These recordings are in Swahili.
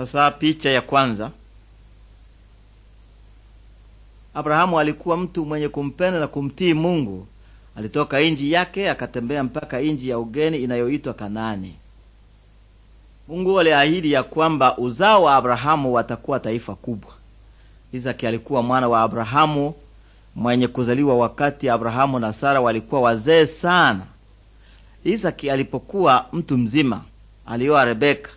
Sasa picha ya kwanza, Abrahamu alikuwa mtu mwenye kumpenda na kumtii Mungu. Alitoka inji yake akatembea mpaka inji ya ugeni inayoitwa Kanaani. Mungu aliahidi ya kwamba uzao wa Abrahamu watakuwa taifa kubwa. Isaki alikuwa mwana wa Abrahamu mwenye kuzaliwa wakati Abrahamu na Sara walikuwa wazee sana. Isaki alipokuwa mtu mzima alioa Rebeka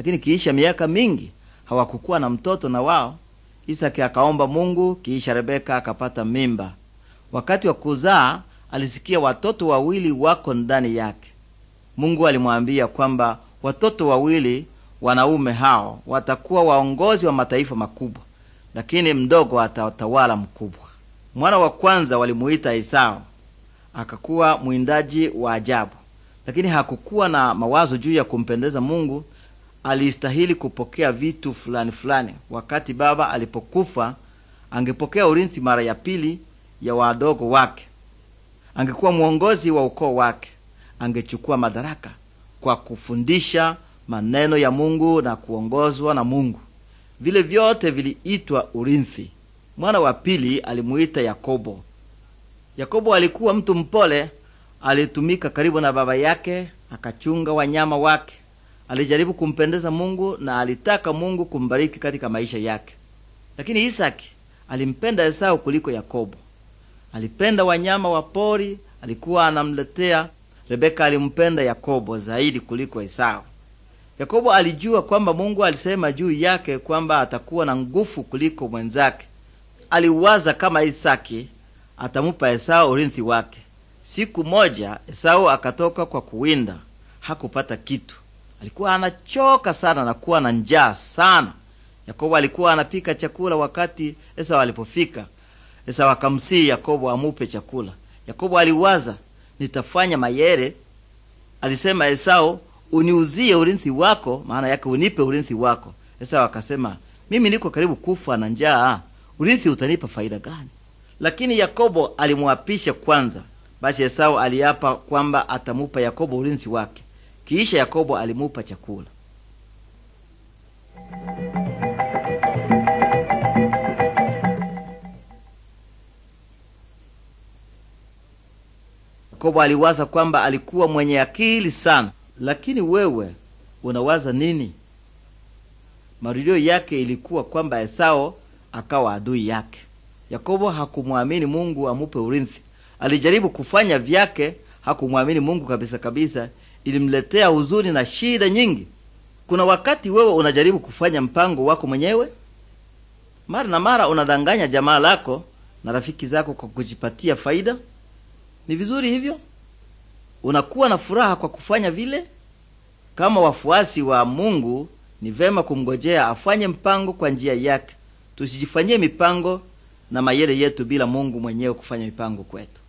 lakini kiisha miaka mingi hawakukuwa na mtoto na wao. Isaki akaomba Mungu, kiisha Rebeka akapata mimba. Wakati wa kuzaa alisikia watoto wawili wako ndani yake. Mungu alimwambia kwamba watoto wawili wanaume hao watakuwa waongozi wa mataifa makubwa, lakini mdogo atatawala mkubwa. Mwana wa kwanza walimuita Esau, akakuwa mwindaji wa ajabu, lakini hakukuwa na mawazo juu ya kumpendeza Mungu, alistahili kupokea vitu fulani fulani. Wakati baba alipokufa, angepokea urinzi mara ya pili ya wadogo wake. Angekuwa mwongozi wa ukoo wake, angechukua madaraka kwa kufundisha maneno ya Mungu na kuongozwa na Mungu. Vile vyote viliitwa urinthi. Mwana wa pili alimuita Yakobo. Yakobo alikuwa mtu mpole, alitumika karibu na baba yake, akachunga wanyama wake alijaribu kumpendeza Mungu na alitaka Mungu kumbariki katika maisha yake, lakini Isaki alimpenda Esau kuliko Yakobo. Alipenda wanyama wa pori alikuwa anamletea. Rebeka alimpenda Yakobo zaidi kuliko Esau. Yakobo alijua kwamba Mungu alisema juu yake kwamba atakuwa na nguvu kuliko mwenzake. Aliwaza kama Isaki atamupa Esau urithi wake. Siku moja Esau akatoka kwa kuwinda, hakupata kitu. Alikuwa anachoka sana na kuwa na njaa sana. Yakobo alikuwa anapika chakula wakati Esau alipofika. Esau akamsihi Yakobo amupe chakula. Yakobo aliwaza, nitafanya mayere. Alisema Esau, uniuzie urithi wako, maana yake unipe urithi wako. Esau akasema, mimi niko karibu kufa na njaa, urithi utanipa faida gani? Lakini Yakobo alimwapisha kwanza. Basi Esau aliapa kwamba atamupa Yakobo urithi wake. Kisha Yakobo alimupa chakula. Yakobo aliwaza kwamba alikuwa mwenye akili sana. Lakini wewe unawaza nini? Marudio yake ilikuwa kwamba Esau akawa adui yake. Yakobo hakumwamini Mungu amupe urithi. Alijaribu kufanya vyake, hakumwamini Mungu kabisa kabisa, ilimletea huzuni na shida nyingi. Kuna wakati wewe unajaribu kufanya mpango wako mwenyewe, mara na mara unadanganya jamaa lako na rafiki zako kwa kujipatia faida. Ni vizuri hivyo, unakuwa na furaha kwa kufanya vile. Kama wafuasi wa Mungu, ni vema kumgojea afanye mpango kwa njia yake. Tusijifanyie mipango na mayele yetu bila Mungu mwenyewe kufanya mipango kwetu.